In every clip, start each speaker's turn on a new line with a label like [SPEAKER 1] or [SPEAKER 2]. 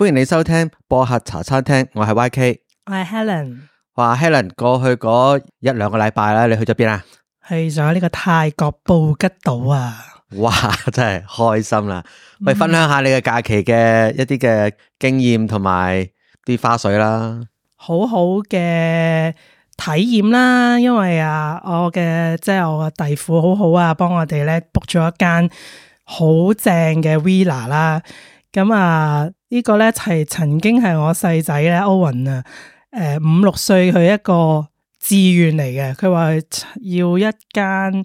[SPEAKER 1] 歡迎你收聽播客茶餐廳，我係 YK，我係 Helen。話 Helen 過去嗰一兩個禮拜咧，你去咗邊啊？
[SPEAKER 2] 去咗呢個泰國布吉島啊！
[SPEAKER 1] 哇，真係開心啦！可以、嗯、分享下你嘅假期嘅一啲嘅經驗同埋啲花絮啦。
[SPEAKER 2] 好好嘅體驗啦，因為啊，我嘅即係我嘅弟父好好啊，幫我哋咧 book 咗一間好正嘅 villa 啦。咁啊～、嗯呢個咧係曾經係我細仔咧，歐雲啊，誒五六歲佢一個志願嚟嘅，佢話要一間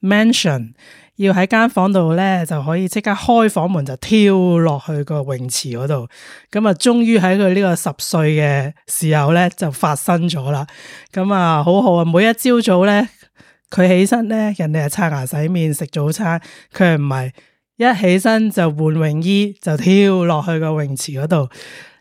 [SPEAKER 2] mansion，要喺間房度咧就可以即刻開房門就跳落去個泳池嗰度。咁、嗯、啊，終於喺佢呢個十歲嘅時候咧就發生咗啦。咁、嗯、啊，嗯、好好啊，每一朝早咧佢起身咧，人哋係刷牙洗面食早餐，佢係唔係？一起身就換泳衣，就跳落去個泳池嗰度。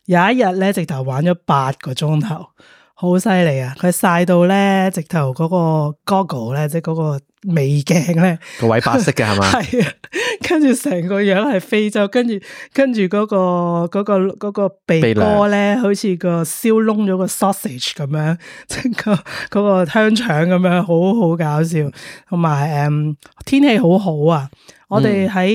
[SPEAKER 2] 有一日咧，直頭玩咗八個鐘頭，好犀利啊！佢晒到咧，直頭嗰個 goggle 咧，即係嗰、嗰個。美鏡咧，個
[SPEAKER 3] 位白色嘅係嘛？係
[SPEAKER 2] 啊，跟住成個樣係非洲，跟住跟住、嗰個、嗰個、嗰個鼻哥咧，梁好似個燒窿咗個 sausage 咁樣，整個、嗰個香腸咁樣，好好搞笑。同埋誒，天氣好好啊！我哋喺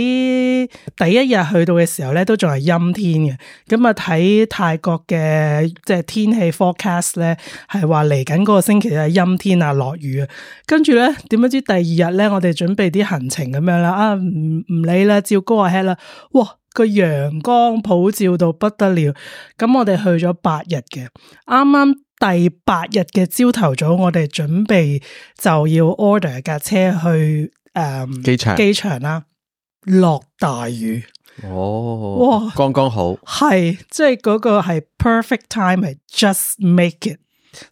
[SPEAKER 2] 第一日去到嘅時候咧，嗯、都仲係陰天嘅。咁啊，睇泰國嘅即係天氣 forecast 咧，係話嚟緊個星期係陰天啊落雨啊。跟住咧，點樣知第？第二日咧，我哋準備啲行程咁樣啦，啊，唔唔理啦，照高話 heat 啦，哇，個陽光普照到不得了，咁我哋去咗八日嘅，啱啱第八日嘅朝頭早，我哋準備就要 order 架車去誒、嗯、機場機場啦，落大雨
[SPEAKER 1] 哦，哇，剛剛好，
[SPEAKER 2] 係即係嗰個係 perfect time，係 just make it，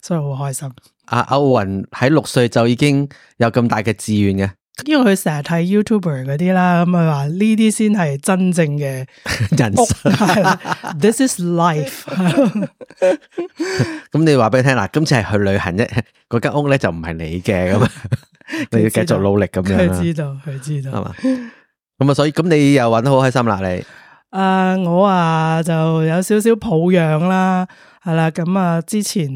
[SPEAKER 2] 所以好開心。
[SPEAKER 1] 阿歐雲喺六歲就已經有咁大嘅志願嘅，
[SPEAKER 2] 因為佢成日睇 YouTuber 嗰啲啦，咁佢話呢啲先係真正嘅人生。This is life。
[SPEAKER 1] 咁你話俾佢聽啦，今次係去旅行啫，嗰間屋咧就唔係你嘅，咁 道 你要繼續努力咁樣。佢知道，佢知道係嘛？咁 啊、嗯，所以咁你又玩得好開心啦，你？
[SPEAKER 2] 誒，uh, 我啊就有少少抱養啦。係啦，咁啊，之前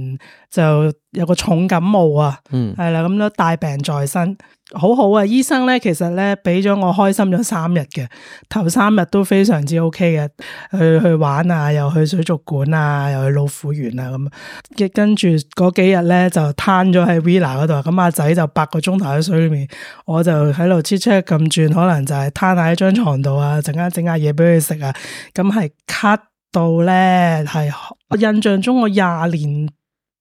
[SPEAKER 2] 就有個重感冒啊，係啦，咁都大病在身，好好啊！醫生咧其實咧俾咗我開心咗三日嘅，頭三日都非常之 OK 嘅，去去玩啊，又去水族館啊，又去老虎園啊咁，跟住嗰幾日咧就癱咗喺 Villa 嗰度，咁阿仔就八個鐘頭喺水裏面，我就喺度 check check 咁轉，可能就係癱喺張床度啊，陣間整下嘢俾佢食啊，咁係 cut 到咧係，我印象中我廿年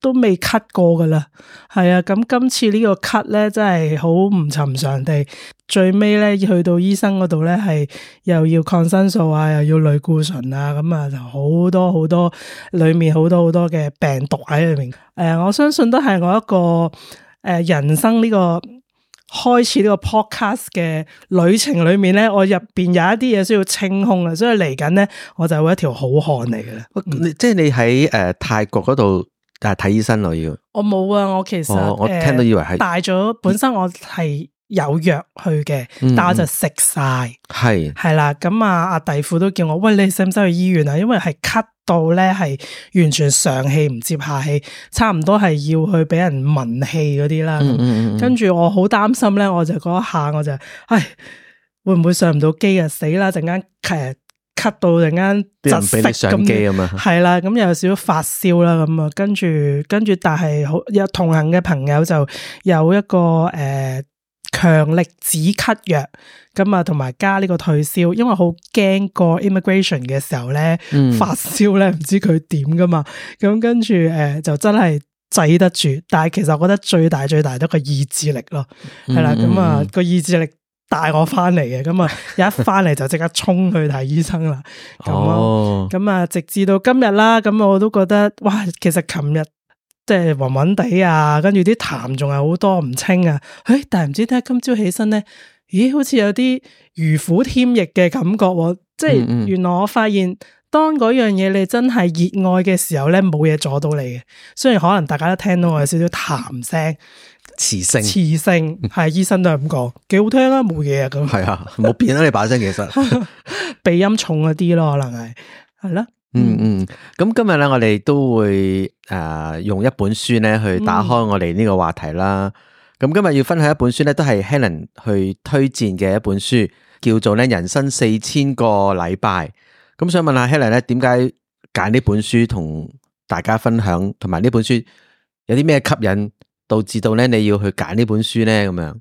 [SPEAKER 2] 都未咳過噶啦，係啊，咁今次呢個咳咧真係好唔尋常地，最尾咧去到醫生嗰度咧係又要抗生素啊，又要類固醇啊，咁啊就好多好多裏面好多好多嘅病毒喺裏面，誒、呃，我相信都係我一個誒、呃、人生呢、呢個。開始呢個 podcast 嘅旅程裏面咧，我入邊有一啲嘢需要清空啊，所以嚟緊咧我就會一條好漢嚟嘅
[SPEAKER 1] 啦。嗯、即係你喺誒泰國嗰度誒睇醫生咯，要，
[SPEAKER 2] 我冇啊，我其實、哦、我聽到以為係大咗，本身我係。有藥去嘅，嗯、但我就食晒，
[SPEAKER 1] 係係
[SPEAKER 2] 啦。咁啊，阿弟父都叫我，喂，你使唔使去醫院啊？因為係咳到咧，係完全上氣唔接下氣，差唔多係要去俾人聞氣嗰啲啦。嗯嗯嗯、跟住我好擔心咧，我就嗰下我就，唉，會唔會上唔到機啊？死啦！陣間誒，咳到陣間窒息，唔俾你上機啊嘛，咁嘅，係啦。咁又有少少發燒啦，咁啊。跟住跟住，但係好有同行嘅朋友就有一個誒。呃強力止咳藥咁啊，同埋加呢個退燒，因為好驚過 immigration 嘅時候咧、嗯、發燒咧，唔知佢點噶嘛。咁跟住誒、呃，就真係制得住，但係其實我覺得最大最大都係個意志力咯，係、嗯、啦。咁啊個意志力帶我翻嚟嘅，咁啊、嗯、 一翻嚟就即刻衝去睇醫生啦。咁咯、哦，咁啊、嗯、直至到今日啦，咁我都覺得哇，其實琴日。即係渾渾地啊，跟住啲痰仲係好多唔清啊！誒、哎，但係唔知點解，今朝起身咧，咦，好似有啲如虎添翼嘅感覺、啊。即係原來我發現，當嗰樣嘢你真係熱愛嘅時候咧，冇嘢阻到你嘅。雖然可能大家都聽到我有少少痰聲、磁性，磁性，係醫生都係咁講，幾好聽啦，冇嘢咁。係啊，
[SPEAKER 1] 冇、啊 啊、變啦、啊，你把聲其實
[SPEAKER 2] 鼻音重一啲咯，可能係係啦。
[SPEAKER 1] 嗯嗯，咁、嗯、今日咧，我哋都會誒、呃、用一本書咧去打開我哋呢個話題啦。咁、嗯、今日要分享一本書咧，都係 Helen 去推薦嘅一本書，叫做咧《人生四千個禮拜》。咁想問下 Helen 咧，點解揀呢本書同大家分享，同埋呢本書有啲咩吸引，導致到咧你要去揀呢本書咧咁樣？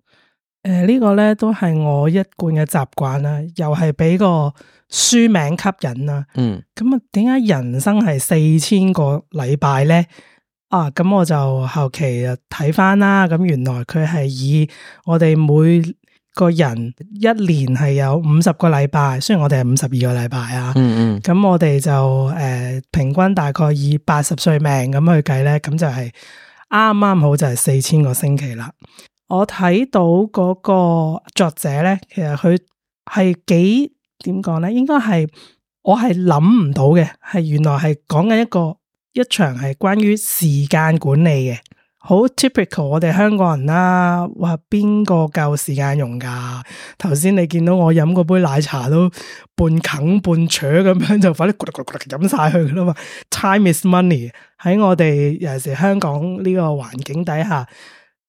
[SPEAKER 2] 誒，個呢個咧都係我一貫嘅習慣啦、啊，又係俾個書名吸引啦、啊。嗯，咁啊，點解人生係四千個禮拜咧？啊，咁我就後期睇翻啦。咁原來佢係以我哋每個人一年係有五十個禮拜，雖然我哋係五十二個禮拜啊。嗯嗯。咁我哋就誒、呃，平均大概以八十歲命咁去計咧，咁就係啱啱好就係四千個星期啦。我睇到嗰個作者咧，其實佢係幾點講咧？應該係我係諗唔到嘅，係原來係講緊一個一場係關於時間管理嘅，好 typical 我哋香港人啦，話邊個夠時間用噶？頭先你見到我飲嗰杯奶茶都半啃半扯咁樣，就快啲咕碌咕碌咕飲曬去噶啦嘛。Time is money。喺我哋有時香港呢個環境底下。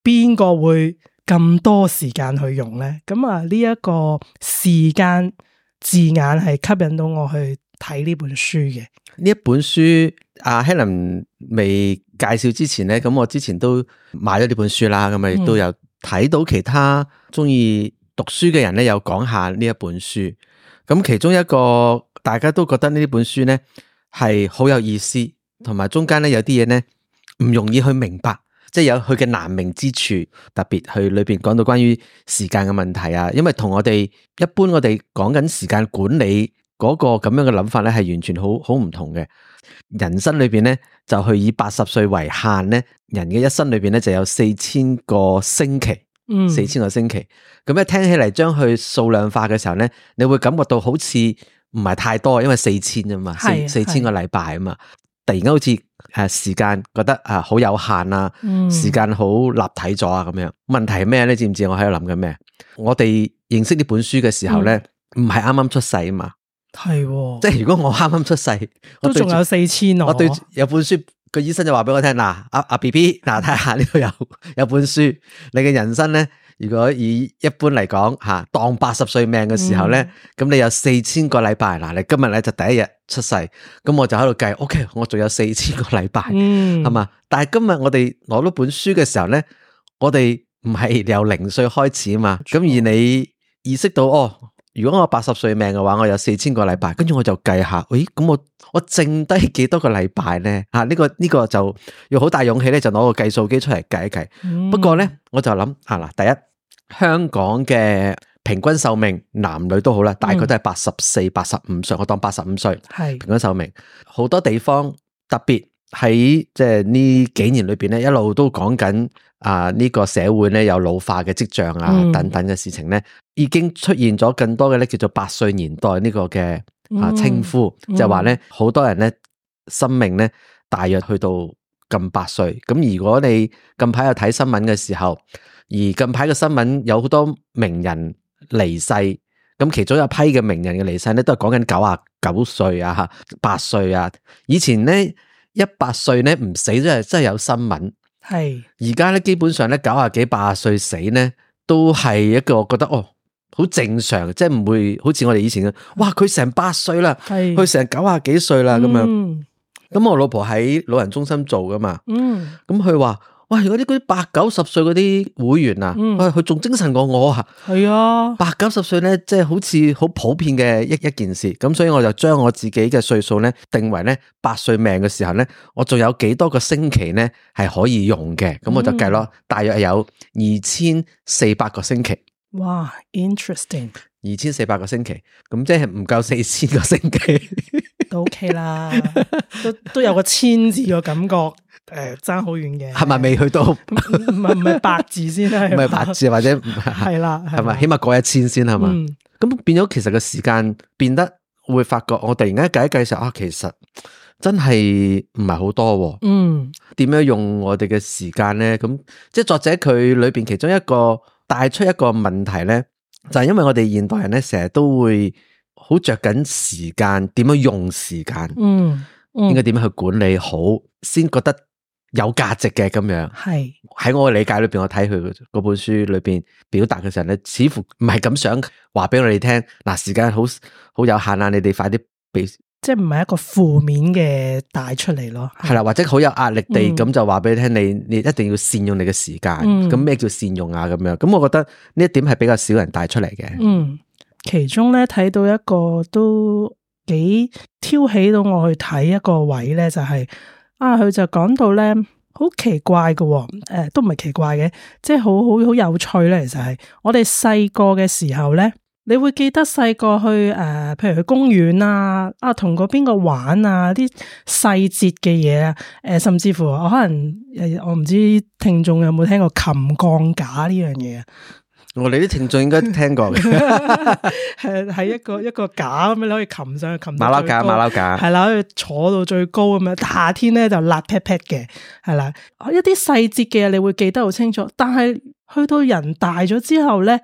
[SPEAKER 2] 邊個會咁多時間去用咧？咁啊，呢一個時間字眼係吸引到我去睇呢本書嘅。
[SPEAKER 1] 呢一本書，阿、啊、Helen 未介紹之前咧，咁、嗯、我之前都買咗呢本書啦。咁咪都有睇到其他中意讀書嘅人咧，有講下呢一本書。咁其中一個大家都覺得呢本書咧係好有意思，同埋中間咧有啲嘢咧唔容易去明白。即係有佢嘅難明之處，特別佢裏邊講到關於時間嘅問題啊，因為同我哋一般我哋講緊時間管理嗰個咁樣嘅諗法咧，係完全好好唔同嘅。人生裏邊咧，就去以八十歲為限咧，人嘅一生裏邊咧就有四千個星期，嗯，四千個星期，咁咧、嗯、一聽起嚟將佢數量化嘅時候咧，你會感覺到好似唔係太多，因為四千啊嘛，四四千個禮拜啊嘛。突然間好似誒時間覺得啊好有限啊，時間好立體咗啊，咁樣、嗯、問題係咩咧？你知唔知我喺度諗緊咩？我哋認識呢本書嘅時候咧，唔係啱啱出世啊嘛。
[SPEAKER 2] 係，即係如
[SPEAKER 1] 果我啱啱出世，都仲有四千哦。我對有本書，個醫生就話俾我聽嗱，阿阿 B B，嗱睇下呢度有有本書，你嘅人生咧，如果以一般嚟講吓，當八十歲命嘅時候咧，咁、嗯、你有四千個禮拜嗱，你今日咧就第一日。出世，咁我就喺度計，OK，我仲有四千個禮拜，係嘛、嗯？但係今日我哋攞到本書嘅時候咧，我哋唔係由零歲開始啊嘛，咁而你意識到哦，如果我八十歲命嘅話，我有四千個禮拜，跟住我就計下，誒，咁我我剩低幾多個禮拜咧？吓、啊，呢、這個呢、這個就要好大勇氣咧，就攞個計數機出嚟計一計。嗯、不過咧，我就諗吓啦，第一香港嘅。平均壽命男女都好啦，大概都係八十四、八十五歲，我當八十五歲。係平均壽命，好多地方特別喺即係呢幾年裏邊咧，一路都講緊啊，呢、這個社會咧有老化嘅跡象啊等等嘅事情咧，嗯、已經出現咗更多嘅咧叫做八歲年代呢個嘅啊稱呼，嗯嗯、就話咧好多人咧生命咧大約去到近八歲。咁如果你近排有睇新聞嘅時候，而近排嘅新聞有好多名人離世咁，其中一批嘅名人嘅離世咧，都係講緊九啊九歲啊，吓八歲啊。以前咧一百歲咧唔死都係真係有新聞。係而家咧基本上咧九啊幾八啊歲死咧，都係一個覺得哦好正常，即係唔會好似我哋以前嘅，哇佢成八歲啦，係佢成九啊幾歲啦咁樣。咁、嗯、我老婆喺老人中心做噶嘛，嗯，咁佢話。喂，如果啲啲八九十歲嗰啲會員、嗯、啊，哇，佢仲精神過我啊！係啊，八九十歲咧，即係好似好普遍嘅一一件事。咁所以我就將我自己嘅歲數咧定為咧八歲命嘅時候咧，我仲有幾多個星期咧係可以用嘅。咁、嗯、我就計咯，大約有二千四百個星期。
[SPEAKER 2] 哇！Interesting，
[SPEAKER 1] 二千四百個星期，咁即係唔夠四千個星期。
[SPEAKER 2] 都 OK 啦，都都有個千字個感覺。誒，爭好遠嘅
[SPEAKER 1] 係咪未去到？
[SPEAKER 2] 唔係唔係八字先，唔係八字， 八字或者係啦，係咪？ 起
[SPEAKER 1] 碼過一千先係嘛？咁、嗯、變咗，其實個時間變得會發覺，我突然間計一計時啊，其實真係唔係好多。啊、嗯，點樣用我哋嘅時間咧？咁即係作者佢裏邊其中一個帶出一個問題咧，就係、是、因為我哋現代人咧，成日都會好着緊時間，點樣用時間？
[SPEAKER 3] 嗯，嗯應該點
[SPEAKER 1] 樣去管理好，先覺得。有價值嘅咁樣，係喺是我理解裏邊，我睇佢嗰本書裏邊表達嘅時候咧，你似乎唔係咁想話俾我哋聽。嗱，時間好好有限啊，你哋快啲俾，
[SPEAKER 2] 即係唔係一個負面嘅帶出嚟咯。
[SPEAKER 1] 係啦，或者好有壓力地咁就話俾你聽，你、嗯、你一定要善用你嘅時間。咁咩、嗯、叫善用啊？咁樣咁，我覺得呢一點係比較少人帶出嚟嘅。
[SPEAKER 2] 嗯，其中咧睇到一個都幾挑起到我去睇一個位咧，就係、是。啊！佢就講到咧，好奇怪嘅，哦，誒、呃，都唔係奇怪嘅，即係好好好有趣咧。其實係我哋細個嘅時候咧，你會記得細個去誒、呃，譬如去公園啊，啊，同嗰邊個玩啊，啲細節嘅嘢啊，誒、呃，甚至乎我可能，我唔知聽眾有冇聽過擒鋼架呢樣嘢啊。
[SPEAKER 1] 我哋啲聽眾應該聽過，
[SPEAKER 2] 係喺 一個一個架咁樣，你可以擒上去，擒到最高。馬騮架，馬騮架，係啦，可以坐到最高咁樣。夏天咧就辣 pat pat 嘅，係啦。一啲細節嘅你會記得好清楚，但係去到人大咗之後咧，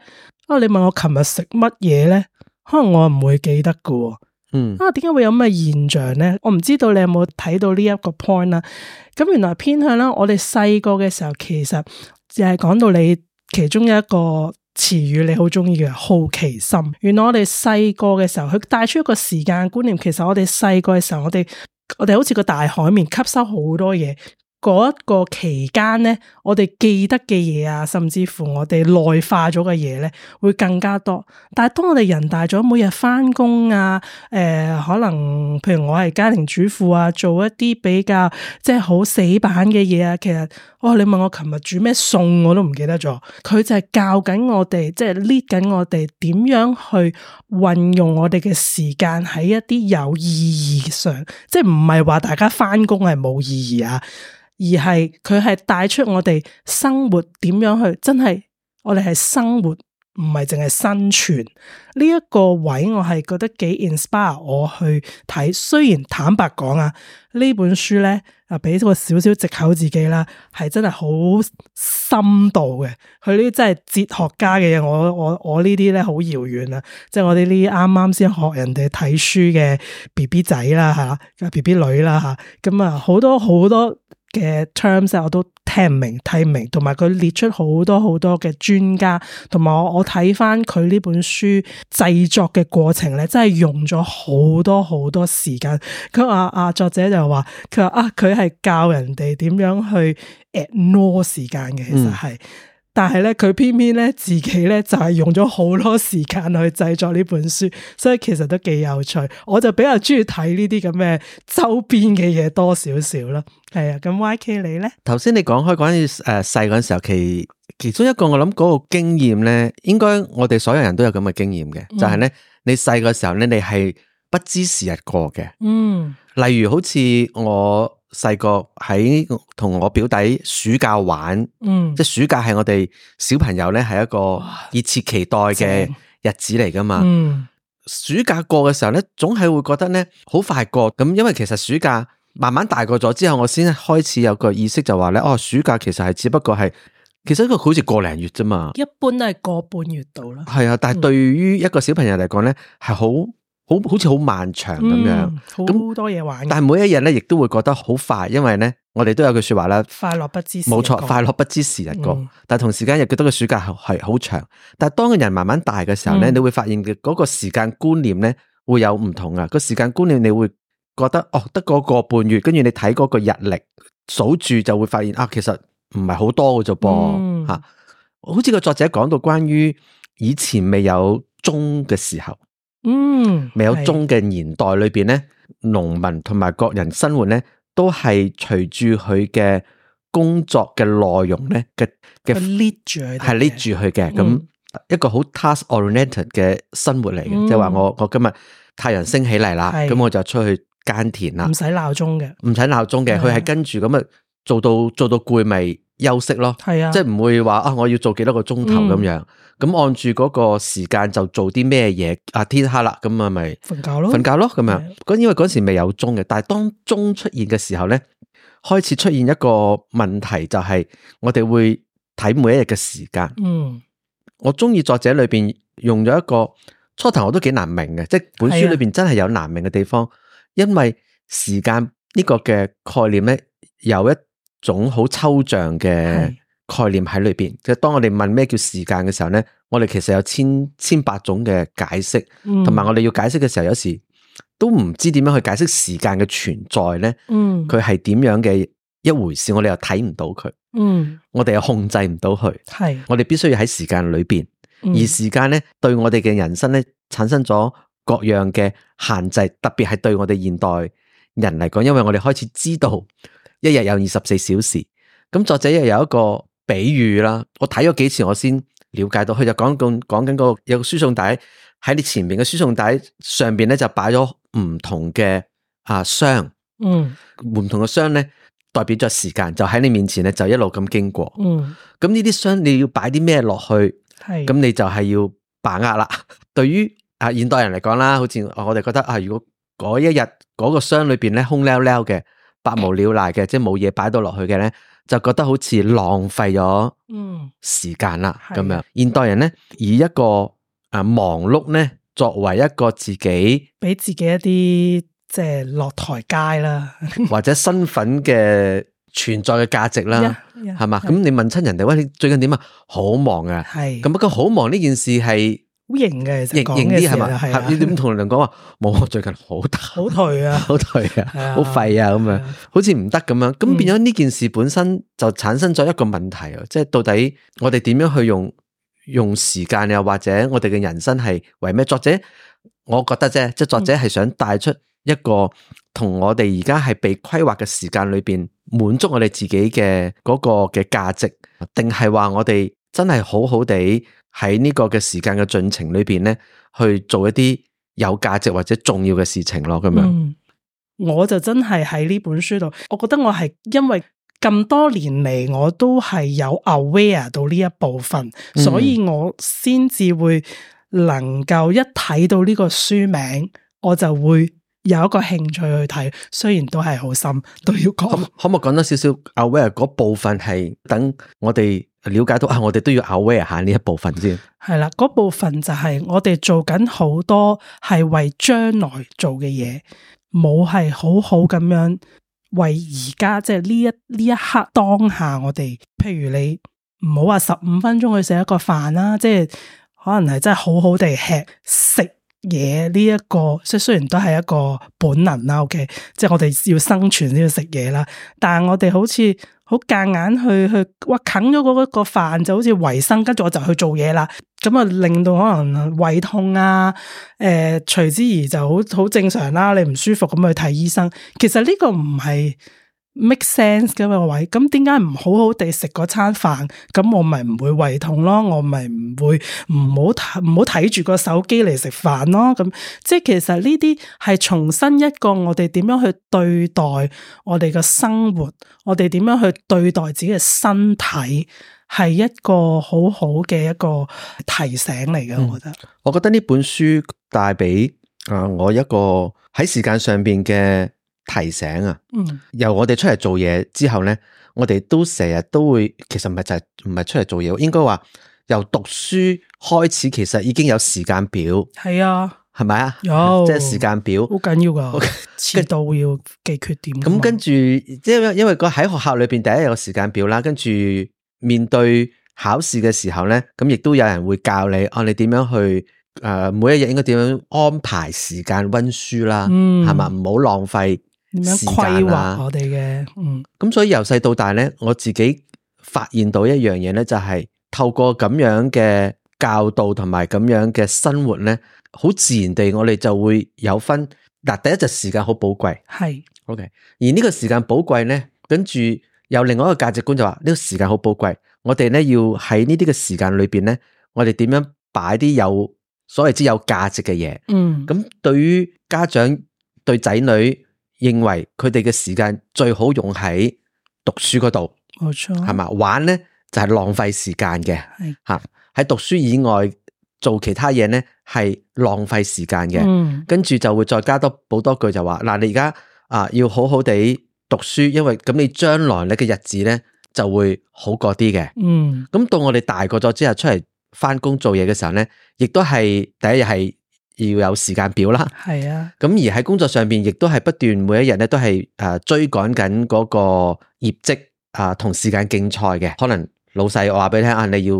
[SPEAKER 2] 啊，你問我琴日食乜嘢咧，可能我唔會記得嘅。嗯，啊，點解會有咩現象咧？我唔知道你有冇睇到呢一個 point 啦。咁原來偏向咧，我哋細個嘅時候其實，誒，講到你其中一個。詞語你好中意嘅，好奇心，原來，我哋細個嘅時候，佢帶出一個時間觀念。其實我哋細個嘅時候，我哋我哋好似個大海綿，吸收好多嘢。嗰一個期間咧，我哋記得嘅嘢啊，甚至乎我哋內化咗嘅嘢咧，會更加多。但係當我哋人大咗，每日翻工啊，誒、呃，可能譬如我係家庭主婦啊，做一啲比較即係好死板嘅嘢啊，其實，哇、哦！你問我琴日煮咩餸我都唔記得咗。佢就係教緊我哋，即係 lead 緊我哋點樣去運用我哋嘅時間喺一啲有意義上，即係唔係話大家翻工係冇意義啊？而係佢係帶出我哋生活點樣去，真係我哋係生活，唔係淨係生存呢一個位，我係覺得幾 inspire 我去睇。雖然坦白講啊，呢本書咧啊，俾咗個少少藉口自己啦，係真係好深度嘅。佢呢啲真係哲學家嘅嘢，我我我呢啲咧，好遙遠啊，即係我哋呢啱啱先學人哋睇書嘅 B B 仔啦吓，B B 女啦吓，咁啊好多好多。嘅 terms 我都聽唔明，睇唔明，同埋佢列出好多好多嘅專家，同埋我我睇翻佢呢本書製作嘅過程咧，真係用咗好多好多時間。佢話啊，作者就話佢話啊，佢係教人哋點樣去 ignore 時間嘅，其實係。嗯但係咧，佢偏偏咧自己咧就係用咗好多時間去製作呢本書，所以其實都幾有趣。我就比較中意睇呢啲咁嘅周邊嘅嘢多少少啦。係啊，咁 YK 你咧？
[SPEAKER 1] 頭先你講開關於誒，細個時候，其其中一個我諗嗰個經驗咧，應該我哋所有人都有咁嘅經驗嘅，就係咧你細個嘅時候咧，你係不知時日過嘅。嗯，例如好似我。細個喺同我表弟暑假玩，嗯，即係暑假係我哋小朋友咧，係一個熱切期待嘅日子嚟㗎嘛。嗯、暑假過嘅時候咧，總係會覺得咧好快過咁，因為其實暑假慢慢大個咗之後，我先開始有個意識就話咧，哦，暑假其實係只不過係，其實一個好似個零月啫嘛。
[SPEAKER 2] 一般都係個半月度啦。
[SPEAKER 1] 係啊，但係對於一個小朋友嚟講咧，係好、嗯。好好似好漫長咁樣，
[SPEAKER 2] 咁、嗯、好多嘢玩。但係
[SPEAKER 1] 每一日咧，亦都會覺得好快，因為咧，我哋都有句說話啦，
[SPEAKER 2] 快樂不知時冇錯，快樂不
[SPEAKER 1] 知時日過。但係同時間又覺得個暑假係好長。但係當個人慢慢大嘅時候咧，嗯、你會發現嘅嗰個時間觀念咧會有唔同啊。個時間觀念你會覺得哦，得嗰個半月，跟住你睇嗰個日曆數住，就會發現啊，其實唔係好多嘅啫噃吓。好似個作者講到關於以前未有鐘嘅時候。嗯，未有鐘嘅年代裏邊咧，農是民同埋個人生活咧，都係隨住佢嘅工作嘅內容咧嘅嘅，係搦住佢嘅，咁、嗯、一個好 task-oriented 嘅生活嚟嘅，嗯、即係話我我今日太陽升起嚟啦，咁、嗯、我就出去耕田啦，唔
[SPEAKER 2] 使鬧鐘嘅，
[SPEAKER 1] 唔使鬧鐘嘅，佢係的是跟住咁啊，做到做到攰咪，休息咯，係啊，即係唔會話啊，我要做幾多個鐘頭咁樣，咁、嗯、按住嗰個時間就做啲咩嘢，啊，天黑啦，咁啊咪瞓覺咯，瞓覺咯，咁樣。咁、啊、因為嗰時未有鐘嘅，但係當鐘出現嘅時候咧，開始出現一個問題，就係我哋會睇每一日嘅時間。嗯，我中意作者裏邊用咗一個初頭我都幾難明嘅，即係本書裏邊真係有難明嘅地方，啊、因為時間呢個嘅概念咧有一。種好抽象嘅概念喺裏邊，即是當我哋問咩叫時間嘅時候呢，我哋其實有千千百種嘅解釋，同埋、嗯、我哋要解釋嘅時候，有時都唔知點樣去解釋時間嘅存在呢。嗯，佢係點樣嘅一回事，我哋又睇唔到佢。嗯，我哋又控制唔到佢。係是，我哋必須要喺時間裏邊，嗯、而時間呢對我哋嘅人生咧產生咗各樣嘅限制，特別係對我哋現代人嚟講，因為我哋開始知道。一日有二十四小時，咁作者又有一個比喻啦。我睇咗幾次，我先了解到，佢就講講講緊輸送帶喺你前面嘅輸送帶上面咧、嗯，就擺咗唔同嘅箱，嗯，唔同嘅箱咧代表咗時間，就喺你面前咧就一路咁經過，嗯，咁呢啲箱你要擺啲咩落去，係是，咁你就係要把握啦。 對於啊現代人嚟講啦，好似我哋覺得、啊、如果嗰一日嗰個箱裏面咧空溜溜嘅。百無聊賴嘅，即係冇嘢擺到落去嘅咧，就覺得好似浪費咗時間啦咁樣。現代人咧以一個啊忙碌咧作為一個自己，
[SPEAKER 2] 俾自己一啲即係落台階啦，
[SPEAKER 1] 或者身份嘅存在嘅價值啦，係嘛、嗯？咁吧是你問親人哋喂，你最近點啊？好忙啊，係咁不過好忙呢件事係。
[SPEAKER 2] 好型嘅，型型啲係嘛？係你點
[SPEAKER 1] 同人哋講話冇？我最近好彈，
[SPEAKER 2] 好頹啊，
[SPEAKER 1] 好頹啊，好廢啊咁樣，好似唔得咁樣。咁變咗呢件事本身就產生咗一個問題，嗯、即係到底我哋點樣去用用時間，又或者我哋嘅人生係為咩？作者我覺得啫，即係作者係想帶出一個同我哋而家係被規劃嘅時間裏邊，滿足我哋自己嘅嗰個嘅價值，定係話我哋真係好好地。喺呢個嘅時間嘅進程裏邊咧，去做一啲有價值或者重要嘅事情咯，咁樣、嗯。
[SPEAKER 2] 我就真係喺呢本書度，我覺得我係因為咁多年嚟，我都係有 aware 到呢一部分，所以我先至會能夠一睇到呢個書名，我就會有一個興趣去睇。雖然都係好深，都
[SPEAKER 1] 要講，可唔可以講多少少 aware 嗰部分係等我哋？了解到啊，我哋都要 aware 下呢一部分先。
[SPEAKER 2] 係啦，嗰部分就係我哋做緊好多係為將來做嘅嘢，冇係好好咁樣為而家即係呢一呢一刻當下我哋，譬如你唔好話十五分鐘去食一個飯啦，即係可能係真係好好地吃食嘢呢一個，即係雖然都係一個本能啦，OK，即係我哋要生存先要食嘢啦，但係我哋好似。好夾硬去去，我啃咗嗰個飯就好似維生，跟住我就去做嘢啦。咁啊，令到可能胃痛啊，誒、呃，隨之而就好好正常啦、啊。你唔舒服咁去睇醫生，其實呢個唔係。make sense 咁嘅位，咁點解唔好好地食嗰餐飯？咁我咪唔會胃痛咯，我咪唔會唔好睇唔好睇住個手機嚟食飯咯。咁即係其實呢啲係重新一個我哋點樣去對待我哋嘅生活，我哋點樣去對待自己嘅身體，係一個好好嘅一個提醒嚟嘅。我覺得、嗯，
[SPEAKER 1] 我覺得呢本書帶俾啊我一個喺時間上邊嘅提醒啊！嗯、由我哋出嚟做嘢之後咧，我哋都成日都會，其實唔係就係唔係出嚟做嘢，應該話由讀書開始，其實已經有時間表。係啊，係咪啊？有即係時間表，好
[SPEAKER 2] 緊要噶，遲到要記缺點。咁跟
[SPEAKER 1] 住，即係因為喺學校裏邊第一日有時間表啦，跟住面對考試嘅時候咧，咁亦都有人會教你，按、哦、你點樣去誒、呃，每一日應該點樣安排時間温書啦，係嘛、嗯，唔好浪費。
[SPEAKER 2] 點樣規劃我哋嘅？嗯，
[SPEAKER 1] 咁所以由細到大咧，我自己發現到一樣嘢咧，就係透過咁樣嘅教導同埋咁樣嘅生活咧，好自然地我哋就會有分。嗱，第一就時間好寶貴，係，OK。而呢個時間寶貴咧，跟住有另外一個價值觀就話呢個時間好寶貴，我哋咧要喺呢啲嘅時間裏邊咧，我哋點樣擺啲有所謂之有價值嘅嘢？嗯，咁對於家長對仔女。認為佢哋嘅時間最好用喺讀書嗰度，
[SPEAKER 2] 冇錯錯，係嘛
[SPEAKER 1] 玩咧就係、是、浪費時間嘅，吓喺的讀書以外做其他嘢咧係浪費時間嘅，嗯、跟住就會再加多補多句就話嗱、啊，你而家啊要好好地讀書，因為咁你將來你嘅日子咧就會好過啲嘅，嗯，咁到我哋大個咗之後出嚟返工做嘢嘅時候咧，亦都係第一日係。要有時間表啦，係啊，咁而喺工作上邊，亦都係不斷每一日咧，都係誒追趕緊嗰個業績啊，同時間競賽嘅。可能老細我話俾你聽啊，你要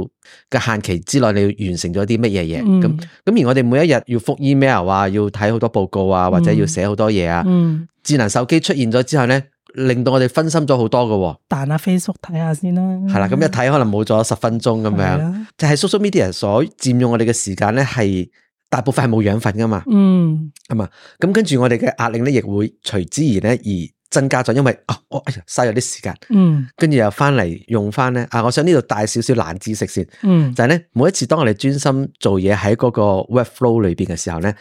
[SPEAKER 1] 嘅限期之內，你要完成咗啲乜嘢嘢。咁咁、嗯、而我哋每一日要覆 email 啊，要睇好多報告啊，或者要寫好多嘢啊。嗯嗯、智能手機出現咗之後咧，令到我哋分心咗好多嘅、嗯嗯
[SPEAKER 2] 啊。但阿 Facebook 睇下先啦，係啦，咁一
[SPEAKER 1] 睇可能冇咗十分鐘咁樣，嗯啊、就係 social media 所佔用我哋嘅時間咧係。大部分係冇養分噶嘛，
[SPEAKER 3] 嗯，
[SPEAKER 1] 係嘛，咁跟住我哋嘅壓力咧，亦會隨之而咧而增加咗。因為啊，我、哦、哎嘥咗啲時間，嗯，跟住又翻嚟用翻咧。啊，我想呢度帶少少冷知識先，嗯，就係咧每一次當我哋專心做嘢喺嗰個 work flow 裏邊嘅時候咧，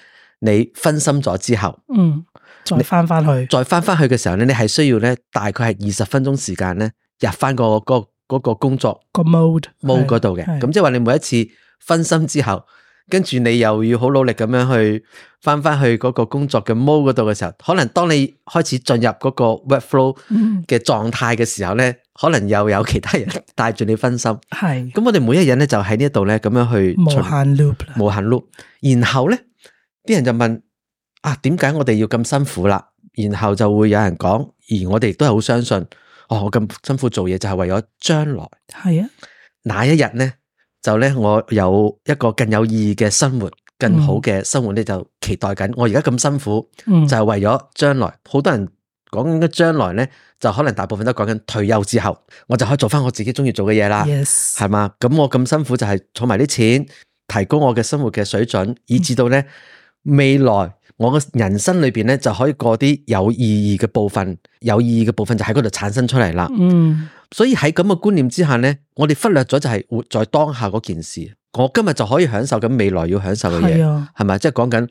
[SPEAKER 1] 你分心咗之後，
[SPEAKER 2] 嗯，再翻翻去，
[SPEAKER 1] 再翻翻去嘅時候咧，你係需要咧大概係二十分鐘時間咧入翻、嗰個嗰、嗰個工作
[SPEAKER 2] 個 mode, mode mode 嗰度嘅。咁
[SPEAKER 1] 即係話你每一次分心之後。跟住你又要好努力咁樣去翻翻去嗰個工作嘅 mode 嗰度嘅時候，可能當你開始進入嗰個 work flow 嘅狀態嘅時候咧，嗯、可能又有其他人帶住你分心。係 的，咁我哋每一日咧就喺呢一度咧咁樣去無限 loop 啦，無限 loop。然後咧，啲人就問啊，點解我哋要咁辛苦啦？然後就會有人講，而我哋亦都係好相信，哦，我咁辛苦做嘢就係、是、為咗將來。係啊的，那一日咧。就咧，我有一個更有意義嘅生活，更好嘅生活咧，嗯、就期待緊。我而家咁辛苦，嗯、就係為咗將來。好多人講緊嘅將來咧，就可能大部分都講緊退休之後，我就可以做翻我自己中意做嘅嘢啦，係嘛 Yes.？咁我咁辛苦就係儲埋啲錢，提高我嘅生活嘅水準，以至到咧未來。嗯我嘅人生裏邊咧，就可以過啲有意義嘅部分，有意義嘅部分就喺嗰度產生出嚟啦。嗯，所以喺咁嘅觀念之下咧，我哋忽略咗就係活在當下嗰件事。我今日就可以享受緊未來要享受嘅嘢，係咪、啊？即係講緊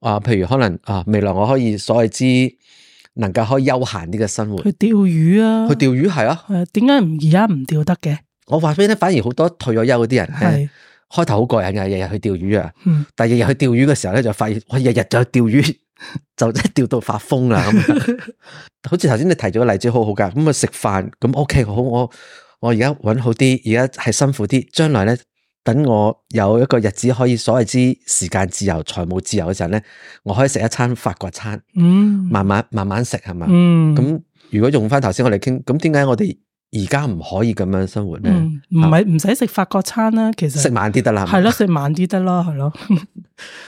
[SPEAKER 1] 啊，譬如可能啊、呃，未來我可以所謂之能夠可以休閒啲嘅生活，去
[SPEAKER 2] 釣魚啊，去釣魚係咯。點解唔而家唔釣得嘅？
[SPEAKER 1] 我話俾你聽，反而好多退咗休嗰啲人係。開頭好過癮啊，日日去釣魚啊！但係日日去釣魚嘅時候咧，就發現我日日就去釣魚，就一釣到發瘋啦！咁 好似頭先你提咗個例子，好好噶。咁啊食飯，咁 OK 好，我我而家搵好啲，而家係辛苦啲，將來咧等我有一個日子，可以所謂之時間自由、財務自由嘅時候咧，我可以食一餐法國餐，慢慢慢慢食係嘛。咁、嗯、如果用翻頭先我哋傾，咁點解我哋？而家唔可以咁樣生活咧，
[SPEAKER 2] 唔係唔使食法國餐啦，其實食
[SPEAKER 1] 慢啲得啦，係咯
[SPEAKER 2] 了，食 慢啲得咯，係咯，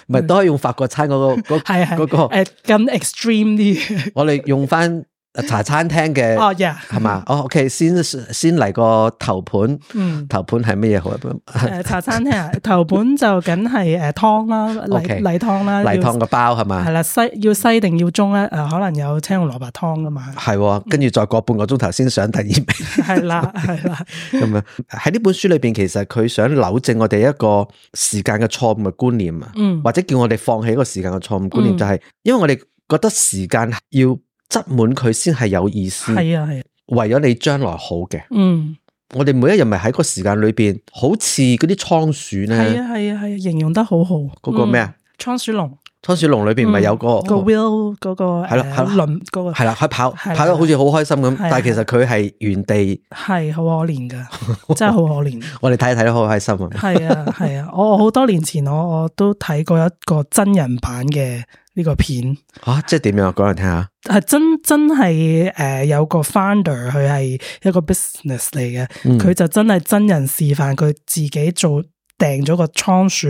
[SPEAKER 1] 唔係都可以用法國餐嗰、那個，嗰 的、那個，誒的，咁 extreme 啲，啊、ext 我哋用翻。茶餐廳嘅係嘛？哦，OK，先先嚟個頭盤，嗯，頭盤係咩嘢好一般？誒，
[SPEAKER 2] 茶餐廳啊，頭盤就梗係誒湯啦，例例湯啦，例湯個包係嘛？係啦，西要西定要中咧？誒，可能有青紅蘿蔔湯噶嘛？
[SPEAKER 1] 係，跟住再過半個鐘頭先上第二名。係啦，係啦，咁樣喺呢本書裏邊，其實佢想扭正我哋一個時間嘅錯誤觀念啊，或者叫我哋放棄一個時間嘅錯誤觀念，就係因為我哋覺得時間要。塞滿佢先係有意思，係啊係，啊為咗你將來好嘅。嗯，我哋每一日咪喺個時間裏面，好似嗰啲倉鼠咧。係、
[SPEAKER 2] 啊啊啊、形容得好好。嗰個咩啊、嗯？倉鼠籠。
[SPEAKER 1] 倉鼠籠裏邊唔係有、嗰個、嗯嗰
[SPEAKER 2] wheel，嗰個 w i l l 嗰個係啦係啦輪嗰個係啦，佢
[SPEAKER 1] 的的跑跑得好似好開心咁，的但係其實佢係原地
[SPEAKER 2] 係好可憐噶， 真係好可憐
[SPEAKER 1] 我哋睇睇都好開心啊！係啊
[SPEAKER 2] 係啊，我好多年前我我都睇過一個真人版嘅呢個片
[SPEAKER 1] 啊，即係點樣講嚟聽下？
[SPEAKER 2] 係真真係誒，有個 founder 佢係一個 business 嚟嘅，佢就真係真，真，真人示範佢自己做。掟咗個倉鼠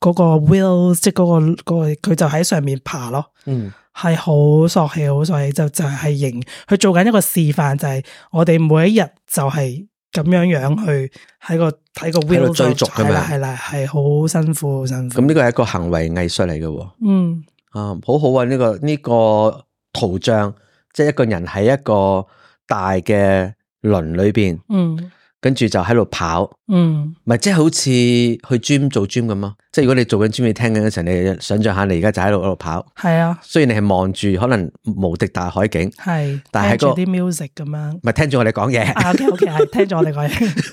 [SPEAKER 2] 嗰、那個 wheel，即係嗰、那個、那個佢、那個、就喺上面爬咯，嗯，係好索氣，好索氣，就就係、是、型，佢做緊一個示範，就係我哋每一日就係咁樣樣去喺個睇個 wheel 追逐，係啦係啦，係好辛苦，好辛苦。
[SPEAKER 1] 咁呢個係一個行為藝術嚟嘅，嗯啊，好好啊，呢、這個呢、這個圖像，即係一個人喺一個大嘅輪裏邊，嗯。跟住就喺度跑，嗯，咪即係好似去 gym 做 gym 咁咯。即係如果你做緊 gym，你聽緊嘅時候，你想象下，你而家就喺度喺度跑，係啊。雖然你係望住可能無敵大海景，係，
[SPEAKER 2] 但係個聽住啲 music 咁樣，
[SPEAKER 1] 咪聽住我哋講嘢。啊
[SPEAKER 2] ，OK，OK，係聽住我哋講嘢。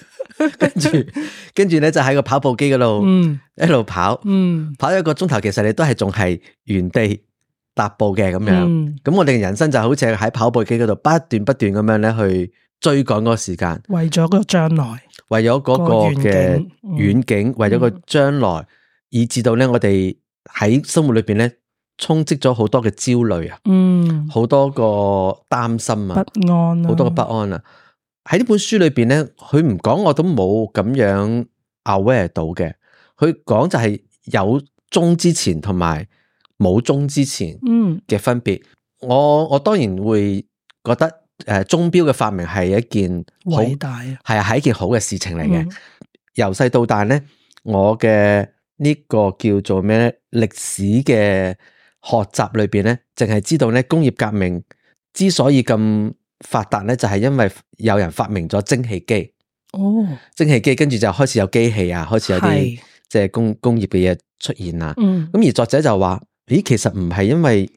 [SPEAKER 2] 跟
[SPEAKER 3] 住，
[SPEAKER 1] 跟住咧就喺個跑步機嗰度，嗯，一路跑，嗯，跑一個鐘頭，其實你都係仲係原地踏步嘅咁樣。咁我哋人生就好似喺跑步機嗰度不斷不斷咁樣咧去。追趕個時間，
[SPEAKER 2] 為咗個將來，
[SPEAKER 1] 為咗嗰個嘅遠景，嗯，遠景，為咗個將來，以至到咧，我哋喺生活裏邊咧，充斥咗好多嘅焦慮啊，
[SPEAKER 3] 嗯，
[SPEAKER 1] 好多個擔心啊，不
[SPEAKER 2] 安，好多個不
[SPEAKER 1] 安啊。喺呢本書裏邊咧，佢唔講我都冇咁樣 aware 到嘅。佢講就係有中之前同埋冇中之前，嗯嘅分別。我我當然會覺得。誒，鐘錶嘅發明係一件好偉大，係啊，係一件好嘅事情嚟嘅。嗯、由細到大咧，我嘅呢個叫做咩？歷史嘅學習裏邊咧，淨係知道咧，工業革命之所以咁發達咧，就係、是、因為有人發明咗蒸汽機。哦，蒸汽機跟住就開始有機器啊，開始有啲即係工工業嘅嘢出現啦。嗯，咁而作者就話：咦，其實唔係因為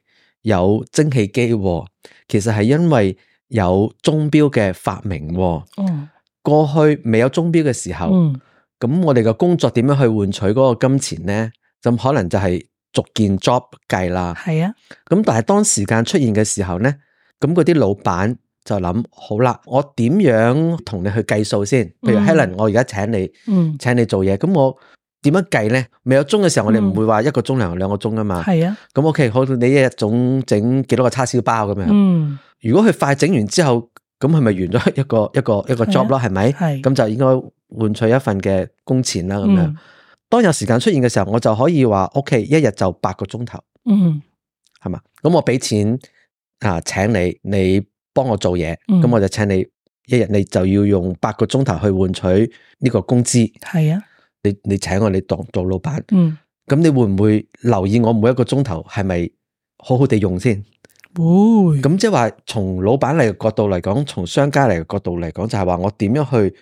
[SPEAKER 1] 有蒸汽機、啊，其實係因為。有鐘錶嘅發明、哦，哦、過去未有鐘錶嘅時候，咁、嗯、我哋嘅工作點樣去換取嗰個金錢咧？咁可能就係逐件 job 計啦。係啊，咁但係當時間出現嘅時候咧，咁嗰啲老闆就諗好啦，我點樣同你去計數先？譬如 Helen，我而家請你、嗯、請你做嘢，咁我。點樣計咧？未有鐘嘅時候，我哋唔會話一個鐘量兩個鐘啊嘛。係啊。咁 OK，好似你一日總整幾多個叉燒包咁樣。嗯。如果佢快整完之後，咁佢咪完咗一個一個一個 job 咯，係咪？係。咁就應該換取一份嘅工錢啦，咁樣。嗯。當有時間出現嘅時候，我就可以話 OK，一日就八個鐘頭。
[SPEAKER 3] 嗯。
[SPEAKER 1] 係嘛？咁我俾錢啊，請你，你幫我做嘢，咁我就請你一日你就要用八個鐘頭去換取呢個工資。係啊。你你請我你當做老闆，咁、嗯、你會唔會留意我每一個鐘頭係咪好好地用先？
[SPEAKER 2] 會，
[SPEAKER 1] 咁即係話從老闆嚟嘅角度嚟講，從商家嚟嘅角度嚟講，就係、是、話我點樣去